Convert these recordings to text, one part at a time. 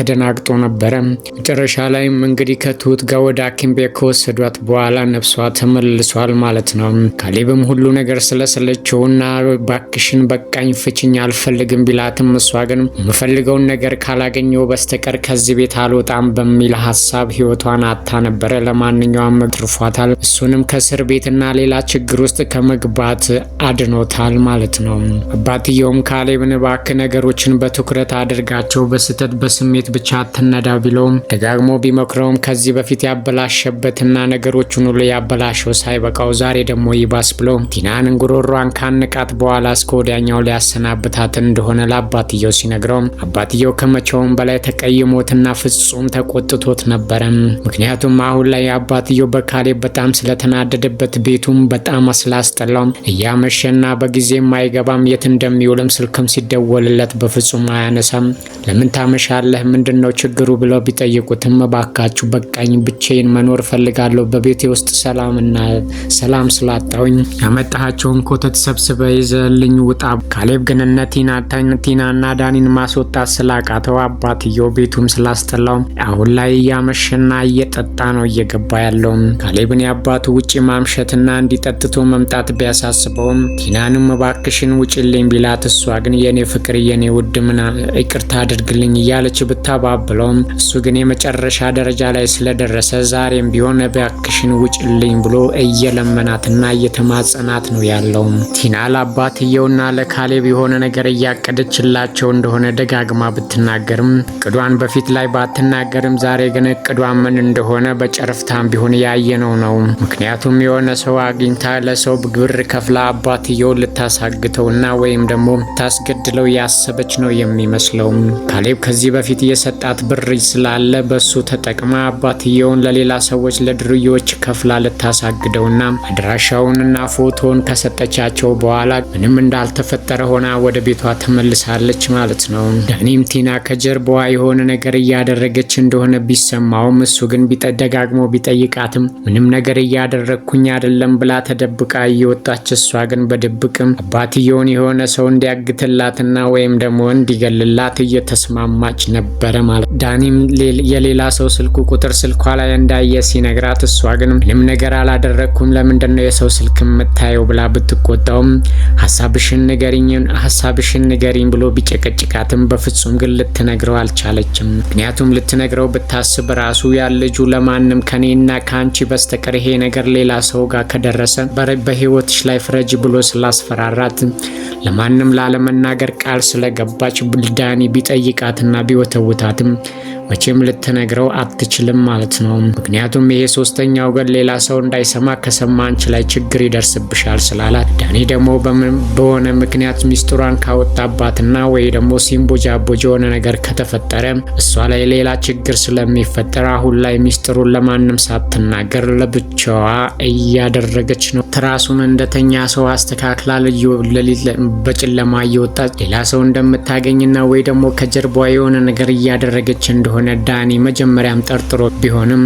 ተደናግጦ ነበረ። መጨረሻ ላይም እንግዲህ ከትሁት ጋር ወደ ሐኪም ቤት ከወሰዷት በኋላ ነፍሷ ተመልሷል ማለት ነው። ካሌብም ሁሉ ነገር ስለሰለቸውና ባክሽን በቃኝ ፍችኝ አልፈልግም ቢላትም እሷ ግን የምፈልገውን ነገር ካላገኘው በስተቀር ከዚህ ቤት አልወጣም በሚል ሀሳብ ህይወቷን አታ ነበረ። ለማንኛውም ትርፏታል። እሱንም ከእስር ቤትና ሌላ ችግር ውስጥ ከመግባት አድኖታል ማለት ነው። አባትየውም ካሌብን ባክ ነገሮችን በትኩረት አድርጋቸው በስህተት በስሜት ብቻ አትነዳ ቢለውም ደጋግሞ ቢመክረውም ከዚህ በፊት ያበላሸበትና ነገሮችን ሁሉ ያበላሸው ሳይበቃው ዛሬ ደግሞ ይባስ ብሎ ቲናን እንጉሮሯን ካንቃት በኋላ እስከ ወዲያኛው ሊያሰናብታት እንደሆነ ለአባትየው ሲነግረውም አባትየው ከመቼውም በላይ ተቀይሞትና ፍጹም ተቆጥቶት ነበረም ምክንያቱም አሁን ላይ አባትየው በካሌ በጣም ስለተናደደበት ቤቱም በጣም ስላስጠላው እያመሸና በጊዜም አይገባም፣ የት እንደሚውልም ስልክም ሲደወልለት በፍጹም አያነሳም። ለምን ታመሻለህ ምንድን ነው ችግሩ ብለው ቢጠይቁትም ባካችሁ በቃኝ ብቻዬን መኖር ፈልጋለሁ። በቤቴ ውስጥ ሰላምና ሰላም ስላጣውኝ ያመጣሃቸውን ኮተት ሰብስበ ይዘልኝ ውጣ። ካሌብ ግን እነ ቲናና ዳኒን ማስወጣት ስላቃተው አባትየው ቤቱም ስላስጠላው አሁን ላይ እያመሸና እየጠጣ ነው እየገባ ያለው። ካሌብን የአባቱ ውጪ ማምሸትና እንዲጠጥቶ መምጣት ቢያሳስበውም ቲናንም እባክሽን ውጭልኝ ቢላት እሷ ግን የኔ ፍቅር የኔ ውድ ምና ይቅርታ አድርግልኝ እያለች ብታባብለውም እሱ ግን የመጨረሻ ደረጃ ላይ ስለደረሰ ደርሰ ዛሬም ቢሆን እባክሽን ውጭልኝ ብሎ እየለመናትና እየተማጸናት ነው ያለው። ቲና ለአባትየውና ለካሌብ የሆነ ነገር እያቀደችላቸው እንደሆነ ደጋግማ ብትናገርም እቅዷን በፊት ላይ ባትናገርም፣ ዛሬ ግን እቅዷ ምን እንደሆነ በጨረፍታም ቢሆን ያየነው ነው። ምክንያቱም የሆነ ሰው አግኝታ ለሰው ግብር ከፍላ አባትየውን ልታሳግተውና ወይም ደግሞ ታስገድለው ያሰበች ነው የሚመስለው። ካሌብ ከዚህ በፊት የሰጣት ብር ስላለ በሱ ተጠቅማ አባትየውን እሷም ለሌላ ሰዎች ለድርዮች ከፍላ ልታሳግደውና አድራሻውንና ፎቶን ከሰጠቻቸው በኋላ ምንም እንዳልተፈጠረ ሆና ወደ ቤቷ ተመልሳለች ማለት ነው። ዳኒም ቲና ከጀርባዋ የሆነ ነገር እያደረገች እንደሆነ ቢሰማውም እሱ ግን ቢጠደጋግሞ ቢጠይቃትም ምንም ነገር እያደረግኩኝ አይደለም ብላ ተደብቃ እየወጣች እሷ ግን በድብቅም አባትየውን የሆነ ሰው እንዲያግትላትና ወይም ደግሞ እንዲገልላት እየተስማማች ነበረ ማለት ዳኒም የሌላ ሰው ስልኩ ቁጥር ስልኳ ላይ እንዳየ ሲነግራት እሷ ግን ምንም ነገር አላደረግኩም ለምንድን ነው የሰው ስልክ የምታየው ብላ ብትቆጣውም ሀሳብሽን ንገሪኝ ሀሳብሽን ንገሪኝ ብሎ ቢጨቀጭቃትም በፍጹም ግን ልትነግረው አልቻለችም። ምክንያቱም ልትነግረው ብታስብ ራሱ ያ ልጁ ለማንም ከኔና ከአንቺ በስተቀር ይሄ ነገር ሌላ ሰው ጋር ከደረሰ በህይወትሽ ላይ ፍረጅ ብሎ ስላስፈራራት ለማንም ላለመናገር ቃል ስለገባች ዳኒ ቢጠይቃትና ቢወተውታትም መቼም ልትነግረው አትችልም ማለት ነው። ምክንያቱም ይሄ ሶስተኛ ወገን ሌላ ሰው እንዳይሰማ ከሰማ አንቺ ላይ ችግር ይደርስብሻል ስላላት፣ ዳኒ ደግሞ በሆነ ምክንያት ሚስጥሯን ካወጣባትና ወይ ደግሞ ሲምቦጃ ቦጅ የሆነ ነገር ከተፈጠረ እሷ ላይ ሌላ ችግር ስለሚፈጠር አሁን ላይ ሚስጥሩን ለማንም ሳትናገር ለብቻዋ እያደረገች ነው። ትራሱን እንደተኛ ሰው አስተካክላ ልዩ በጨለማ እየወጣች ሌላ ሰው እንደምታገኝና ወይ ደግሞ ከጀርቧ የሆነ ነገር እያደረገች እንደሆነ እንደሆነ ዳኒ መጀመሪያም ጠርጥሮ ቢሆንም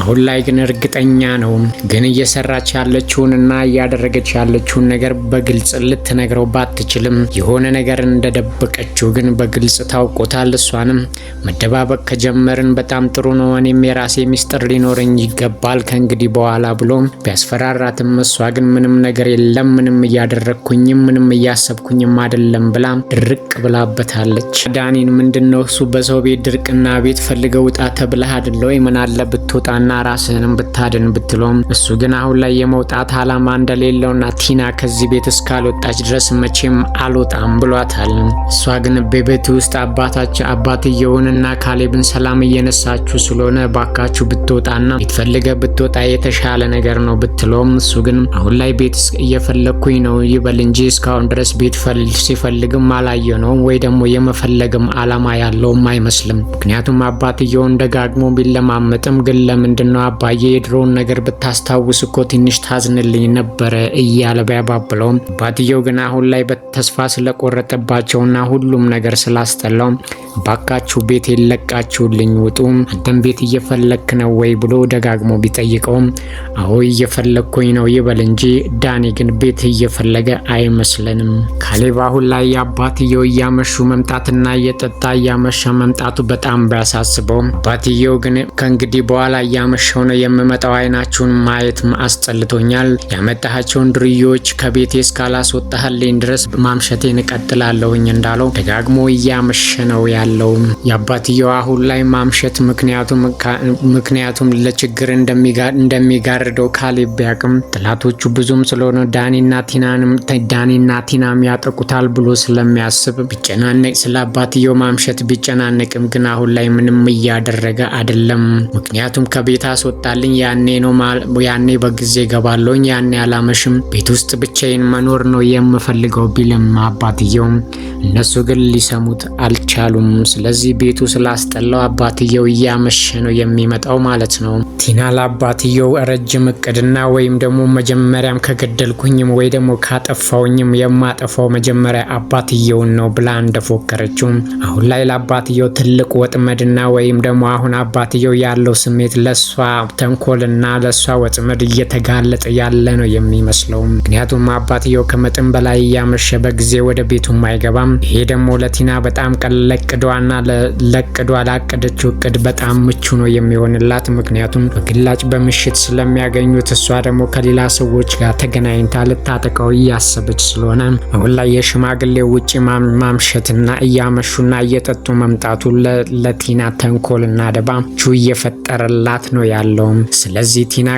አሁን ላይ ግን እርግጠኛ ነው። ግን እየሰራች ያለችውንና እያደረገች ያለችውን ነገር በግልጽ ልትነግረው ባትችልም የሆነ ነገር እንደደበቀችው ግን በግልጽ ታውቆታል። እሷንም መደባበቅ ከጀመርን በጣም ጥሩ ነው፣ እኔም የራሴ ሚስጥር ሊኖረኝ ይገባል ከእንግዲህ በኋላ ብሎ ቢያስፈራራትም እሷ ግን ምንም ነገር የለም፣ ምንም እያደረግኩኝም ምንም እያሰብኩኝም አይደለም ብላ ድርቅ ብላበታለች። ዳኒን ምንድነው እሱ በሰው ቤት ድርቅና ቤት ቤት ፈልገ ውጣ ተብለህ ወይ? ምን አለ ብትወጣና ራስህንም ብታድን ብትሎም እሱ ግን አሁን ላይ የመውጣት አላማ እንደሌለውና ቲና ከዚህ ቤት እስካልወጣች ድረስ መቼም አልወጣም ብሏታል። እሷ ግን በቤት ውስጥ አባታቸው አባትየውንና ካሌብን ሰላም እየነሳችሁ ስለሆነ ባካችሁ ብትወጣና ቤት ብትወጣ የተሻለ ነገር ነው ብትሎም እሱ ግን አሁን ላይ ቤት እየፈለግኩኝ ነው ይበል እንጂ እስካሁን ድረስ ቤት ሲፈልግም አላየ ነው ወይ ደግሞ የመፈለግም አላማ ያለውም አይመስልም ምክንያቱም አባትየውን ደጋግሞ ቢለማመጥም ግን ለምንድነው አባዬ የድሮውን ነገር ብታስታውስ እኮ ትንሽ ታዝንልኝ ነበረ እያለ ቢያባብለውም አባትየው ግን አሁን ላይ በተስፋ ስለቆረጠባቸውና ሁሉም ነገር ስላስጠላው ባካችሁ ቤት የለቃችሁልኝ ውጡ፣ አንተም ቤት እየፈለክ ነው ወይ ብሎ ደጋግሞ ቢጠይቀውም አሁ እየፈለግኩኝ ነው ይበል እንጂ ዳኒ ግን ቤት እየፈለገ አይመስለንም። ካሌብ አሁን ላይ አባትየው እያመሹ መምጣትና እየጠጣ እያመሸ መምጣቱ በጣም ሲያሳስበውም አባትየው ግን ከእንግዲህ በኋላ እያመሸው ነው የምመጣው፣ አይናችሁን ማየት አስጠልቶኛል። ያመጣሃቸውን ድርዮች ከቤቴ እስካላስወጣህልኝ ድረስ ማምሸቴን እቀጥላለሁኝ እንዳለው ደጋግሞ እያመሸ ነው ያለውም የአባትየው አሁን ላይ ማምሸት ምክንያቱም ለችግር እንደሚጋርደው ካሌብ ቢያቅም ጥላቶቹ ብዙም ስለሆነ ዳኒና ቲናም ያጠቁታል ብሎ ስለሚያስብ ቢጨናነቅ ስለ አባትየው ማምሸት ቢጨናነቅም ግን አሁን ላይ ምንም እያደረገ አይደለም። ምክንያቱም ከቤት አስወጣልኝ ያኔ ነው ያኔ በጊዜ ገባለውኝ ያኔ አላመሽም ቤት ውስጥ ብቻዬን መኖር ነው የምፈልገው ቢልም አባትየውም እነሱ ግን ሊሰሙት አልቻሉም። ስለዚህ ቤቱ ስላስጠላው አባትየው እያመሸ ነው የሚመጣው ማለት ነው። ቲና ለአባትየው ረጅም እቅድና ወይም ደግሞ መጀመሪያም ከገደልኩኝም ወይ ደግሞ ካጠፋውኝም የማጠፋው መጀመሪያ አባትየውን ነው ብላ እንደፎከረችው አሁን ላይ ለአባትየው ትልቅ ወጥመድ ወጥመድና ወይም ደግሞ አሁን አባትየው ያለው ስሜት ለሷ ተንኮልና ለሷ ወጥመድ እየተጋለጠ ያለ ነው የሚመስለው። ምክንያቱም አባትየው ከመጠን በላይ እያመሸ በጊዜ ወደ ቤቱም አይገባም። ይሄ ደግሞ ለቲና በጣም ቀን ለቅዷ ላቀደችው እቅድ በጣም ምቹ ነው የሚሆንላት። ምክንያቱም በግላጭ በምሽት ስለሚያገኙት እሷ ደግሞ ከሌላ ሰዎች ጋር ተገናኝታ ልታጠቀው እያሰበች ስለሆነ አሁን ላይ የሽማግሌው ውጭ ማምሸትና እያመሹና እየጠጡ መምጣቱ ለቲ ለቲና ተንኮልና ደባ ቹ እየፈጠረላት ነው ያለውም። ስለዚህ ቲና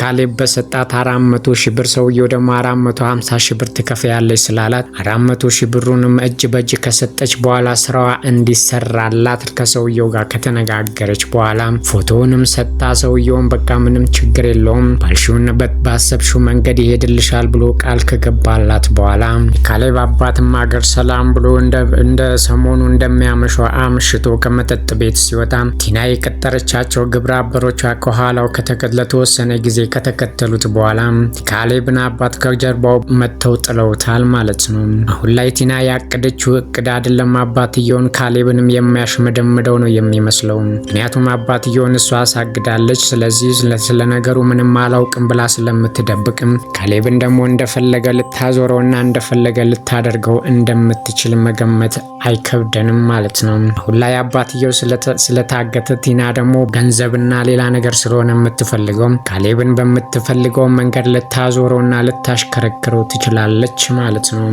ካሌብ በሰጣት 400 ሺህ ብር ሰውየው ደግሞ 450 ሺህ ብር ትከፍያለች ስላላት አራት ሺህ ብሩንም እጅ በእጅ ከሰጠች በኋላ ስራዋ እንዲሰራላት ከሰውየው ጋር ከተነጋገረች በኋላ ፎቶውንም ሰጥታ ሰውየውን በቃ ምንም ችግር የለውም ባልሽውን ባሰብሽው መንገድ ይሄድልሻል ብሎ ቃል ከገባላት በኋላ ካሌብ አባትም አገር ሰላም ብሎ እንደ ሰሞኑ እንደሚያመሸው አምሽቶ ከመጠጥ ቤት ሲወጣ ቲና የቀጠረቻቸው ግብረ አበሮቿ ከኋላው ለተወሰነ ጊዜ ከተከተሉት በኋላ ካሌብን አባት ከጀርባው መጥተው ጥለውታል ማለት ነው። አሁን ላይ ቲና ያቅደችው እቅድ አይደለም፣ አባትየውን ካሌብንም የሚያሽመደምደው ነው የሚመስለው። ምክንያቱም አባትየውን እሷ አሳግዳለች። ስለዚህ ስለ ነገሩ ምንም አላውቅም ብላ ስለምትደብቅም ካሌብን ደግሞ እንደፈለገ ልታዞረውና እንደፈለገ ልታደርገው እንደምትችል መገመት አይከብደንም ማለት ነው። አሁን ላይ አባትየው ስለታገተ ቲና ደግሞ ገንዘብና ሌላ ነገር ስለሆነ የምትፈልገው ካሌብን በምትፈልገው መንገድ ልታዞረውና ልታሽከረክረው ትችላለች ማለት ነው።